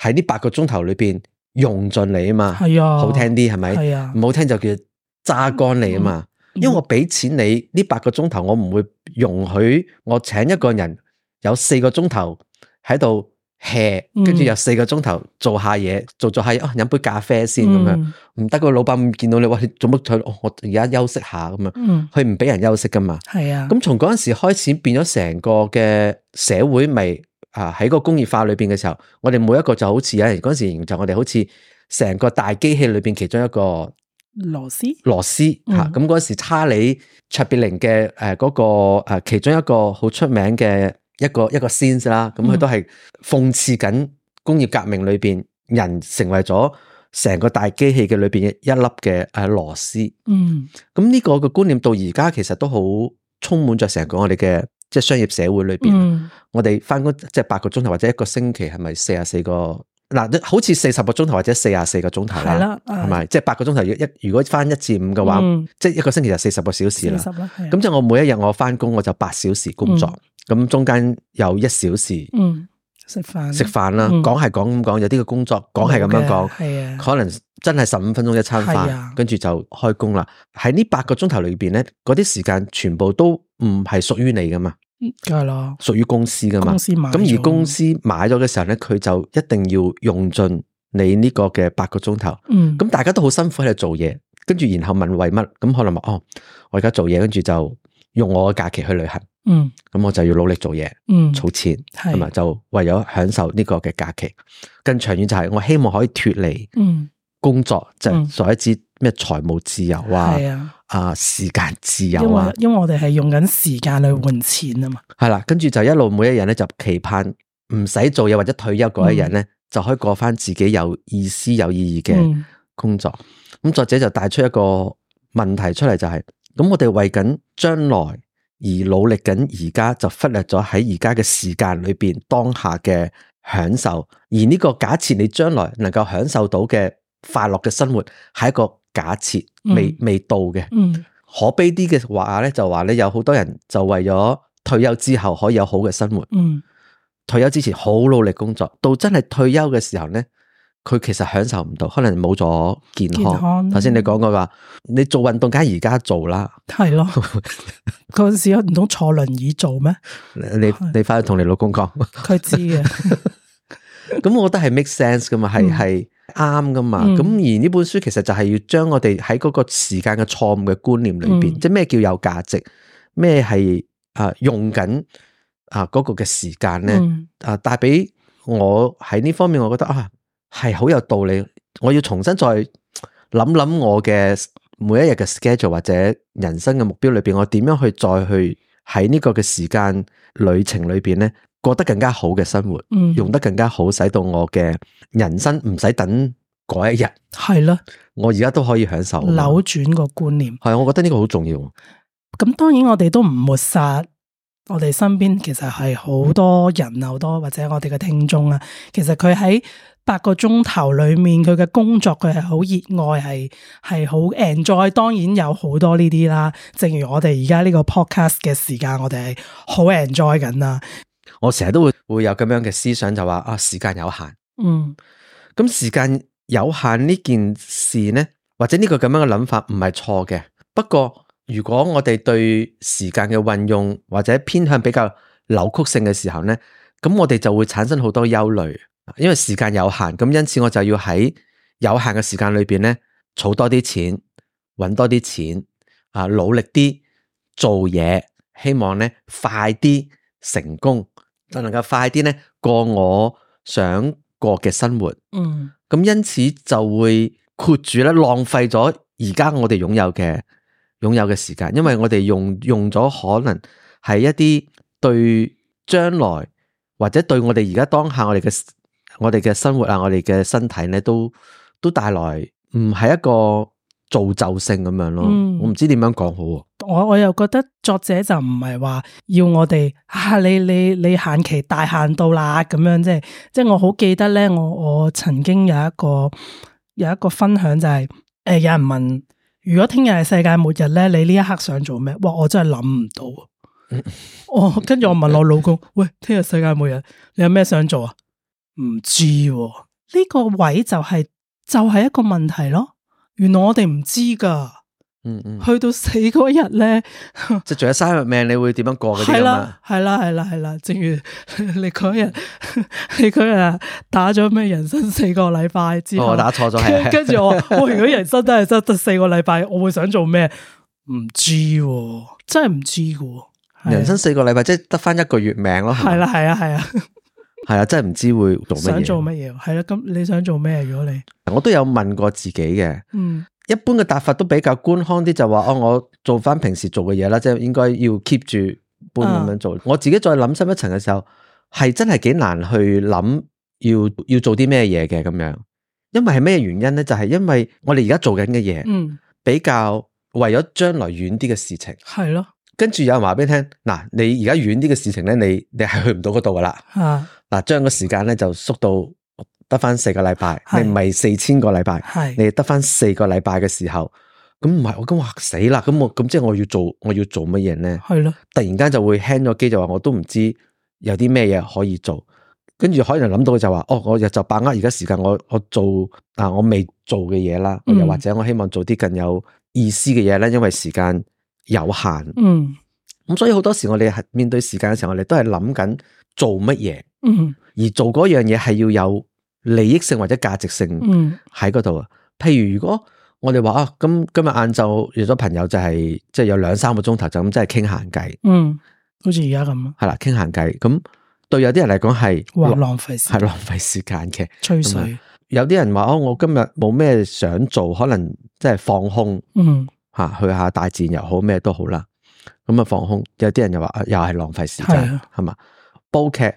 [SPEAKER 1] 喺呢八個鐘頭裏邊用盡你啊嘛？係是啊，好聽啲係咪？係是啊，唔好聽就叫榨乾你啊嘛。嗯、因為我俾錢你呢八個鐘頭，我唔會容許我請一個人有四個鐘頭喺度。hea 跟住又四個鐘頭做下嘢，做做下啊，飲杯咖啡先咁、嗯、樣，唔得，個老闆唔見到你，喂，做乜睇？我而家休息下咁樣，佢唔俾人休息噶嘛？係、嗯、啊。咁從嗰陣時開始變咗成個嘅社會，咪啊喺個工業化裏邊嘅時候，我哋每一個就好似有人嗰陣時就我哋好似成個大機器裏邊其中一個螺絲絲螺絲吓。咁嗰陣時查理卓別林嘅誒嗰個誒其中一個好出名嘅。一個一個 scene 啦，咁佢都係諷刺緊工業革命裏邊人成為咗成個大機器嘅裏邊一粒嘅誒螺絲。
[SPEAKER 3] 嗯，
[SPEAKER 1] 咁呢個嘅觀念到而家其實都好充滿咗成個我哋嘅即係商業社會裏邊。嗯、我哋翻工即係八個鐘頭或者一個星期係咪四啊四個？嗱，好似四十個鐘頭或者四啊四個鐘頭啦，係咪、嗯？吧即係八個鐘頭，一如果翻一至五嘅話，嗯、即係一個星期就四十個小時啦。咁、嗯、即係我每一日我翻工我就八小時工作。嗯嗯咁中間有一小時，
[SPEAKER 2] 嗯，食飯食
[SPEAKER 1] 飯啦，講係講咁講，有啲嘅工作講係咁樣講，係啊，嗯，可能真係十五分鐘一餐飯，跟住的就開工啦。喺呢八個鐘頭裏邊咧，嗰啲時間全部都唔係屬於你噶嘛，嗯，
[SPEAKER 2] 梗係咯，
[SPEAKER 1] 屬於公司噶嘛，咁而公司買咗嘅時候咧，佢就一定要用盡你呢個嘅八個鐘頭，嗯，咁大家都好辛苦喺度做嘢，跟住然後問為乜咁，可能話哦，我而家做嘢，跟住就。用我嘅假期去旅行，嗯，咁我就要努力做嘢，嗯，儲錢，係咪就為咗享受呢個嘅假期？更長遠就係我希望可以脫離，嗯，工作就所謂之咩財務自由、嗯、啊，係啊，啊時間自由啊，
[SPEAKER 2] 因為我哋係用緊時間去換錢啊嘛，
[SPEAKER 1] 係啦、嗯，跟住就一路每一日咧就期盼唔使做嘢或者退休嗰一日咧，嗯、就可以過翻自己有意思、有意義嘅工作。咁、嗯嗯、作者就帶出一個問題出嚟，就係、是。咁我哋為緊將來而努力緊，而家就忽略咗喺而家嘅時間裏邊當下嘅享受。而呢個假設你將來能夠享受到嘅快樂嘅生活，係一個假設未，未未到嘅。嗯嗯、可悲啲嘅話咧，就話咧有好多人就為咗退休之後可以有好嘅生活，嗯、退休之前好努力工作，到真係退休嘅時候咧。佢其實享受唔到，可能冇咗健康。頭先康你講過話，嗯、你做運動梗係而家做啦，
[SPEAKER 2] 係 咯。嗰陣時唔通坐輪椅做咩？
[SPEAKER 1] 你你返去同你老公講，佢 知嘅。咁我覺得係 make sense 噶，嗯、嘛，係係啱噶嘛。咁而呢本書其實就係要將我哋喺嗰個時間嘅錯誤嘅觀念裏邊，嗯、即係咩叫有價值，咩係啊用緊啊嗰個嘅時間咧啊，帶俾我喺呢方面，我覺得啊。係好有道理，我要重新再諗諗我嘅每一日嘅 schedule 或者人生嘅目標裏邊，我點樣去再去喺呢個嘅時間旅程裏邊咧，過得更加好嘅生活，嗯、用得更加好，使到我嘅人生唔使等嗰一日。係咯的，我而家都可以享受扭
[SPEAKER 2] 轉個觀念。
[SPEAKER 1] 係，我覺得呢個好重要。
[SPEAKER 2] 咁當然我哋都唔抹殺我哋身邊其實係好多人好多、嗯、或者我哋嘅聽眾啊，其實佢喺。八個鐘頭裏面，佢嘅工作佢係好熱愛，係係好 enjoy。當然有好多呢啲啦。正如我哋而家呢個 podcast 嘅時間，我哋係好 enjoy 緊啦。
[SPEAKER 1] 我成日都會會有咁樣嘅思想，就話啊，時間有限。嗯，
[SPEAKER 2] 咁
[SPEAKER 1] 時間有限呢件事呢，或者呢個咁樣嘅諗法唔係錯嘅。不過如果我哋對時間嘅運用或者偏向比較扭曲性嘅時候呢，咁我哋就會產生好多憂慮。因為時間有限，咁因此我就要喺有限嘅時間裏邊咧，儲多啲錢，搵多啲錢，啊，努力啲做嘢，希望咧快啲成功，就能夠快啲咧過我想過嘅生活。嗯，咁因此就會括住咧，浪費咗而家我哋擁有嘅擁有嘅時間，因為我哋用用咗可能係一啲對將來或者對我哋而家當下我哋嘅。我哋嘅生活啊，我哋嘅身體咧，都都帶來唔係一個造就性，咁樣咯。嗯、我唔知點樣講好。
[SPEAKER 2] 我我又覺得作者就唔係話要我哋啊，你你你，你限期大限到啦咁樣，即係即係我好記得咧。我我曾經有一個有一個分享就係、是，誒、呃，有人問，如果聽日係世界末日咧，你呢一刻想做咩？哇，我真係諗唔到。我跟住我問我老公，喂，聽日世界末日，你有咩想做啊？唔知呢個位就係就係一個問題咯，原來我哋唔知噶，嗯嗯，去到死嗰日咧，
[SPEAKER 1] 即係仲有三日命，你會點樣過嘅？係啦，
[SPEAKER 2] 係啦，係啦，係啦。正如你嗰日，你嗰日打咗咩？人生四個禮拜。之後？哦，我打錯咗，跟住我，我如果人生真係得得四個禮拜，我會想做咩？唔知，真係唔知嘅。人生
[SPEAKER 1] 四個禮拜，即係得翻一個月命咯。係啦，係啊，係啊。係啊，真係唔知會做乜嘢。想做
[SPEAKER 2] 乜嘢？係啦，咁你想做咩？如果你？
[SPEAKER 1] 我都有問過自己嘅，嗯，一般嘅答法都比較官腔啲，就話哦，我做翻平時做嘅嘢啦，即係應該要 keep 住般咁樣做。啊、我自己再諗深一層嘅時候，係真係幾難去諗要要做啲咩嘢嘅咁樣。因為係咩原因咧？就係、是、因為我哋而家做緊嘅嘢，嗯，比較為咗將來遠啲嘅事情。係咯的。跟住有人話俾你聽，嗱，你而家遠啲嘅事情咧，你你係去唔到嗰度噶啦。啊。嗱，將個時間咧就縮到得翻四個禮拜，你唔係四千個禮拜，係你得翻四個禮拜嘅時候，咁唔係我咁話死啦，咁我咁即係我要做，我要做乜嘢咧？係咯的，突然間就會 hang 咗機，就話我都唔知有啲咩嘢可以做，跟住可能諗到就話，哦，我又就把握而家時間，我我做啊，我未做嘅嘢啦，又或者我希望做啲更有意思嘅嘢咧，因為時間有限，嗯，咁所以好多時我哋係面對時間嘅時候，我哋都係諗緊。做乜嘢？
[SPEAKER 3] 嗯，
[SPEAKER 1] 而做嗰樣嘢係要有利益性或者價值性喺嗰度啊。嗯、譬如如果我哋話啊，咁今日晏晝約咗朋友就係即係有兩三個鐘頭就咁，即係傾閒偈。
[SPEAKER 2] 嗯，好似而家咁啊。
[SPEAKER 1] 係啦，傾閒偈。咁對有啲人嚟講係，係浪費時間嘅。吹水。有啲人話啊，我今日冇咩想做，可能即係放空。嗯，吓去下大自然又好，咩都好啦。咁啊放空。有啲人又話又係浪費時間係嘛？的煲劇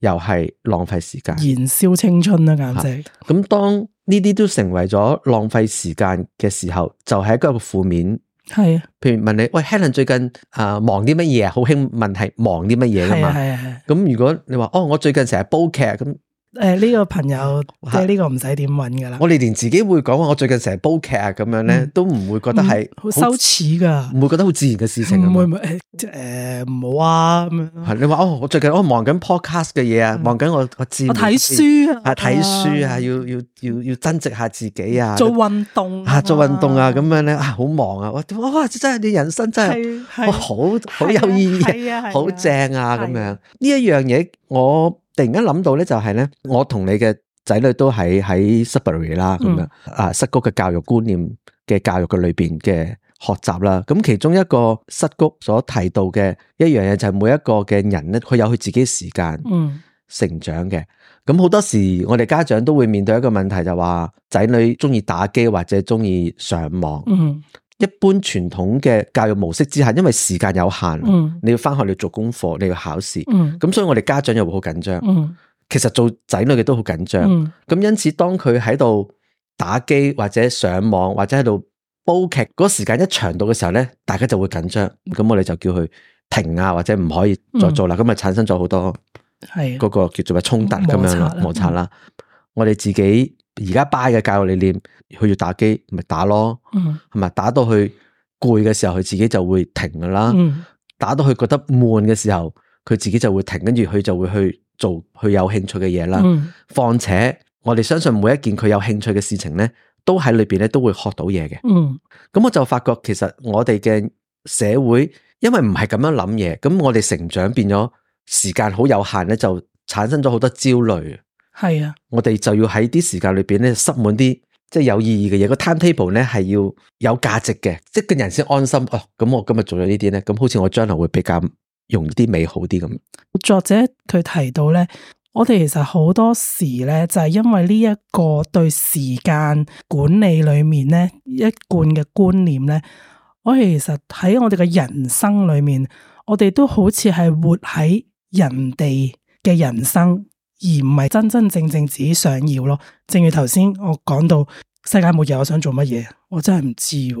[SPEAKER 1] 又係浪費時間，
[SPEAKER 2] 燃燒青春啦、啊，簡直。
[SPEAKER 1] 咁當呢啲都成為咗浪費時間嘅時候，就係、是、一個負面。
[SPEAKER 3] 是
[SPEAKER 1] 譬如問你喂，Helen 最近啊、呃、忙啲乜嘢？好興問係忙啲乜嘢噶嘛？係係係。咁如果你話哦，我最近成日煲劇
[SPEAKER 2] 誒，呢個朋友即係呢個唔使點揾噶啦。我
[SPEAKER 1] 哋連自己會講話，我最近成日煲劇啊咁樣咧，都唔會覺得係好羞恥噶，唔會覺得好自然嘅事情。唔
[SPEAKER 2] 會唔會，即係誒
[SPEAKER 1] 唔好啊咁樣。係你話哦，我最近我忙緊 podcast 嘅嘢啊，忙緊我我自睇書啊，睇書啊，要要要要增值下自己啊，做
[SPEAKER 2] 運動啊，做運動
[SPEAKER 1] 啊咁樣咧啊，好忙啊。哇哇，真係你人生真係好好有意義，好正啊咁樣。呢一樣嘢我。突然間諗到咧，就係咧，我同你嘅仔女都喺喺 Subway 啦，咁樣啊，失谷嘅教育觀念嘅教育嘅裏邊嘅學習啦，咁其中一個失谷所提到嘅一樣嘢，就係每一個嘅人咧，佢有佢自己時間成長嘅。咁，好、嗯、多時我哋家長都會面對一個問題就話仔女中意打機或者中意上網。嗯一般傳統嘅教育模式之下，因為時間有限，嗯、你要返學你要做功課，你要考試，咁、嗯、所以我哋家長又會好緊張。嗯、其實做仔女嘅都好緊張，咁、嗯、因此當佢喺度打機或者上網或者喺度煲劇嗰、那個、時間一長到嘅時候咧，大家就會緊張，咁我哋就叫佢停啊，或者唔可以再做啦，咁啊、嗯、產生咗好多係嗰個叫做乜衝突咁樣啦，摩擦啦，擦擦嗯、我哋自己。而家巴嘅教育理念，佢要打機咪打咯，係咪？嗯、打到佢攰嘅時候，佢自己就會停噶啦。嗯、打到佢覺得悶嘅時候，佢自己就會停，跟住佢就會去做佢有興趣嘅嘢啦。況、嗯、且我哋相信每一件佢有興趣嘅事情咧，都喺裏邊咧都會學到嘢嘅。咁、嗯、我就發覺其實我哋嘅社會因為唔係咁樣諗嘢，咁我哋成長變咗時間好有限咧，就產生咗好多焦慮。係是啊，我哋就要喺啲時間裏邊咧塞滿啲即係有意義嘅嘢。個 timetable 咧係要有價值嘅，即係人先安心哦。咁我今日做咗呢啲咧，咁好似我將來會比較容易啲美好啲咁。
[SPEAKER 2] 作者佢提到咧，我哋其實好多時咧就係因為呢一個對時間管理裏面咧一貫嘅觀念咧，我其實喺我哋嘅人生裏面，我哋都好似係活喺人哋嘅人生。而唔係真真正正自己想要咯。正如頭先我講到，世界末日我想做乜嘢，我真係唔知。啊、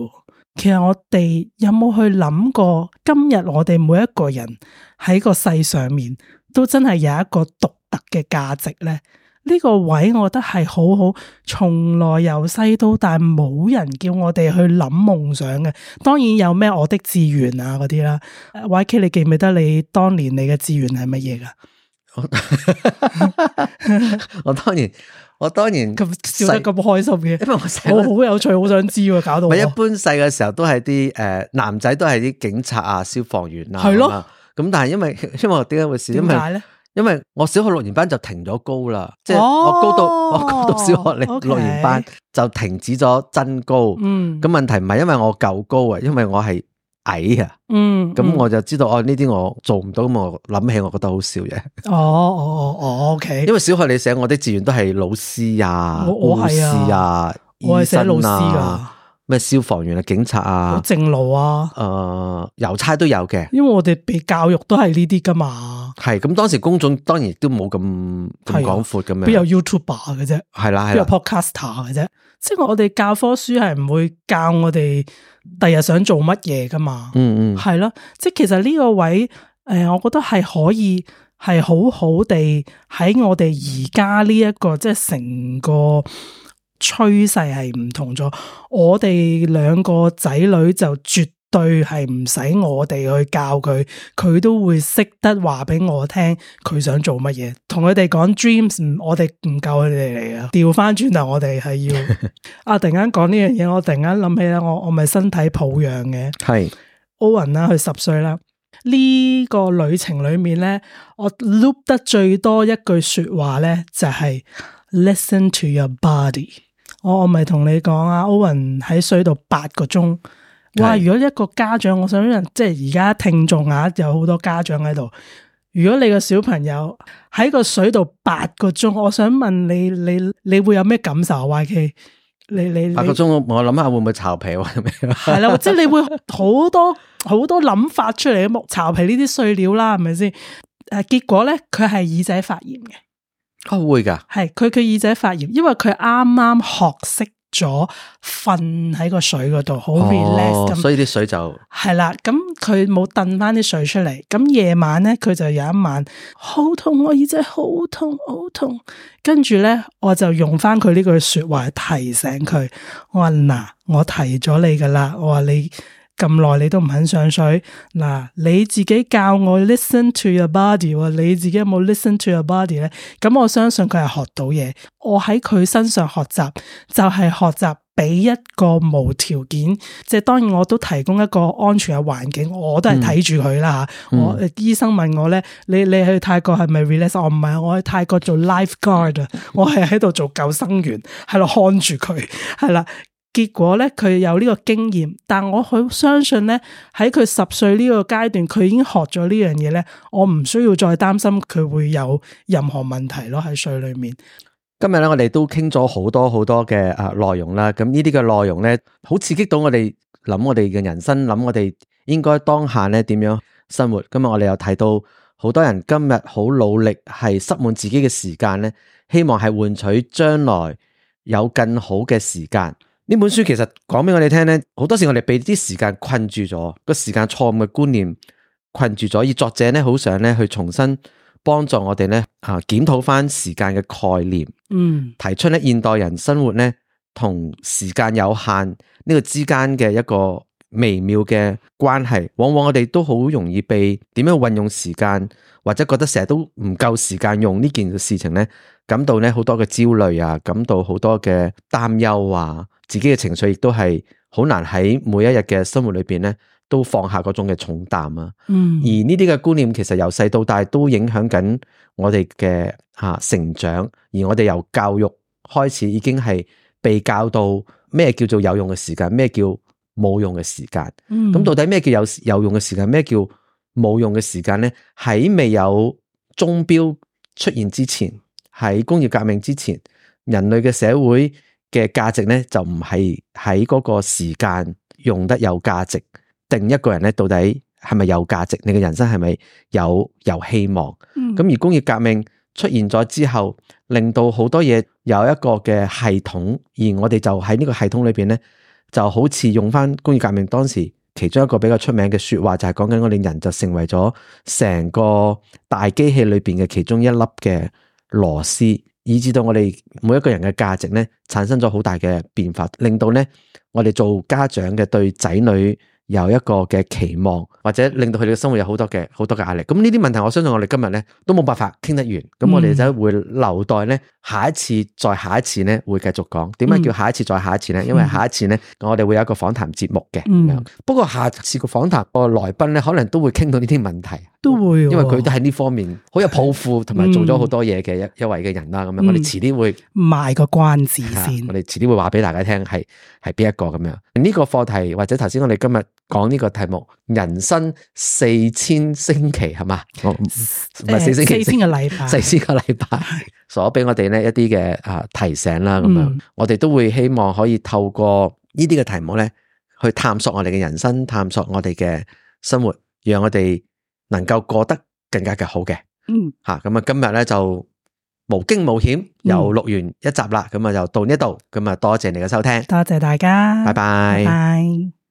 [SPEAKER 2] 其實我哋有冇去諗過，今日我哋每一個人喺個世上面，都真係有一個獨特嘅價值咧。呢個位我覺得係好好，從來由細到大，冇人叫我哋去諗夢想嘅。當然有咩我的志願啊嗰啲啦、啊。YK，你記唔記得你當年你嘅志願係乜嘢噶？
[SPEAKER 1] 我 我當然我當然咁笑得
[SPEAKER 2] 咁開心嘅，因為我成日好有趣，好 想知，搞到我一
[SPEAKER 1] 般細嘅時候都係啲誒男仔，都係啲警察啊、消防員啊，係咯的。咁吧但係因為因為點解會笑？點解咧？因為我小學六年班就停咗高啦，哦、即係我高到我高到小學六年班就停止咗增高。嗯、哦，咁、okay、問題唔係因為我夠高啊，因為我係。矮啊、嗯，嗯，咁我就知道哦，呢啲我做唔到，咁我諗起我覺得好笑嘅、
[SPEAKER 2] 哦。哦，哦，哦，哦，OK，因
[SPEAKER 1] 為小學你寫我啲志願都係老師啊、護士、哦、啊、醫生啊。咩消防員啊、警察啊、正路啊、誒、呃、郵差都有嘅，
[SPEAKER 2] 因為我哋被教育都係呢啲噶嘛。
[SPEAKER 1] 係咁，當時公眾當然亦都冇咁咁廣闊咁樣，邊有
[SPEAKER 2] YouTuber 嘅啫，係啦，邊有 Podcaster 嘅啫，即係我哋教科書係唔會教我哋第日想做乜嘢噶嘛。嗯嗯，係咯，即係其實呢個位誒、呃，我覺得係可以係好好地喺我哋而家呢一個即係成個。趨勢係唔同咗，我哋兩個仔女就絕對係唔使我哋去教佢，佢都會識得話俾我聽佢想做乜嘢。同佢哋講 Dreams，我哋唔夠佢哋嚟啊。調翻轉頭，我哋係要 啊。突然間講呢樣嘢，我突然間諗起咧，我我咪身體抱養嘅係奧運啦，佢 十歲啦。呢、這個旅程裡面咧，我 loop 得最多一句説話咧、就是，就係 Listen to your body。哦、我我咪同你講啊，奧運喺水度八個鐘，哇如果一個家長，我想,想即係而家聽眾啊，有好多家長喺度。如果你小個小朋友喺個水度八個鐘，我想問你，你你,你會有咩感受？YK，你你八個鐘，
[SPEAKER 1] 我諗下會唔會巢皮或者咩？係啦， 即
[SPEAKER 2] 係你會好多好 多諗法出嚟，嘅巢皮呢啲碎料啦，係咪先？誒，結果咧，佢係耳仔發炎嘅。
[SPEAKER 1] 佢、哦、會噶，
[SPEAKER 2] 係佢佢耳仔發炎，因為佢啱啱學識咗瞓喺個水嗰度，好 relax，、哦、樣所以啲水就係啦。咁佢冇燉翻啲水出嚟。咁夜晚咧，佢就有一晚好痛，我耳仔好痛好痛。跟住咧，我就用翻佢呢句說話提醒佢。我話嗱，我提咗你噶啦。我話你。咁耐你都唔肯上水，嗱，你自己教我 listen to your body，你自己有冇 listen to your body 咧？咁我相信佢係學到嘢，我喺佢身上學習就係、是、學習俾一個無條件，即係當然我都提供一個安全嘅環境，我都係睇住佢啦吓。嗯、我醫生問我咧，你你去泰國係咪 relax？我唔係，我去泰國做 life guard，啊， 我係喺度做救生員，喺度看住佢，係啦。結果咧，佢有呢個經驗，但我好相信咧，喺佢十歲呢個階段，佢已經學咗呢樣嘢咧，我唔需要再擔心佢會有任何問題咯喺水裏面。
[SPEAKER 1] 今日咧，我哋都傾咗好多好多嘅啊內容啦。咁呢啲嘅內容咧，好刺激到我哋諗我哋嘅人生，諗我哋應該當下咧點樣生活。今日我哋又提到好多人今日好努力係塞滿自己嘅時間咧，希望係換取將來有更好嘅時間。呢本書其實講俾我哋聽咧，好多時我哋俾啲時間困住咗，個時間錯誤嘅觀念困住咗，而作者咧好想咧去重新幫助我哋咧啊檢討翻時間嘅概念。嗯，提出咧現代人生活咧同時間有限呢個之間嘅一個微妙嘅關係。往往我哋都好容易被點樣運用時間，或者覺得成日都唔夠時間用呢件事情咧，感到咧好多嘅焦慮啊，感到好多嘅擔憂啊。自己嘅情緒亦都係好難喺每一日嘅生活裏邊咧，都放下嗰種嘅重擔啊。嗯，而呢啲嘅觀念其實由細到大都影響緊我哋嘅吓成長，而我哋由教育開始已經係被教到咩叫做有用嘅時間，咩叫冇用嘅時間。嗯，咁到底咩叫有有用嘅時間，咩叫冇用嘅時間咧？喺未有鐘錶出現之前，喺工業革命之前，人類嘅社會。嘅價值咧，就唔係喺嗰個時間用得有價值，定一個人咧到底係咪有價值？你嘅人生係咪有有希望？咁、嗯、而工業革命出現咗之後，令到好多嘢有一個嘅系統，而我哋就喺呢個系統裏邊咧，就好似用翻工業革命當時其中一個比較出名嘅說話，就係講緊我哋人就成為咗成個大機器裏邊嘅其中一粒嘅螺絲。以致到我哋每一個人嘅價值咧，產生咗好大嘅變化，令到咧我哋做家長嘅對仔女有一個嘅期望，或者令到佢哋嘅生活有好多嘅好多嘅壓力。咁呢啲問題，我相信我哋今日咧都冇辦法傾得完。咁我哋就會留待咧下一次再下一次咧會繼續講。點解叫下一次再下一次咧？因為下一次咧我哋會有一個訪談節目嘅。嗯。不過下次個訪談個來賓咧，可能都會傾到呢啲問題。
[SPEAKER 2] 都會，因為佢都
[SPEAKER 1] 喺呢方面好有抱負，同埋做咗好多嘢嘅一一位嘅人啦。咁樣，我哋遲啲會
[SPEAKER 2] 賣個關子先。我
[SPEAKER 1] 哋遲啲會話俾大家聽係係邊一個咁樣。呢個課題或者頭先我哋今日講呢個題目，人生四千星期係嘛？唔係四千四千個禮拜，四千個禮拜所俾我哋咧一啲嘅啊提醒啦。咁樣，我哋都會希望可以透過呢啲嘅題目咧，去探索我哋嘅人生，探索我哋嘅生活，讓我哋。能夠過得更加嘅好嘅，嗯，吓咁啊！今日咧，就無驚無險又錄完一集啦，咁啊、嗯、就到呢度，咁啊多謝你嘅收聽，
[SPEAKER 2] 多謝大家，
[SPEAKER 1] 拜拜 bye。Bye
[SPEAKER 2] bye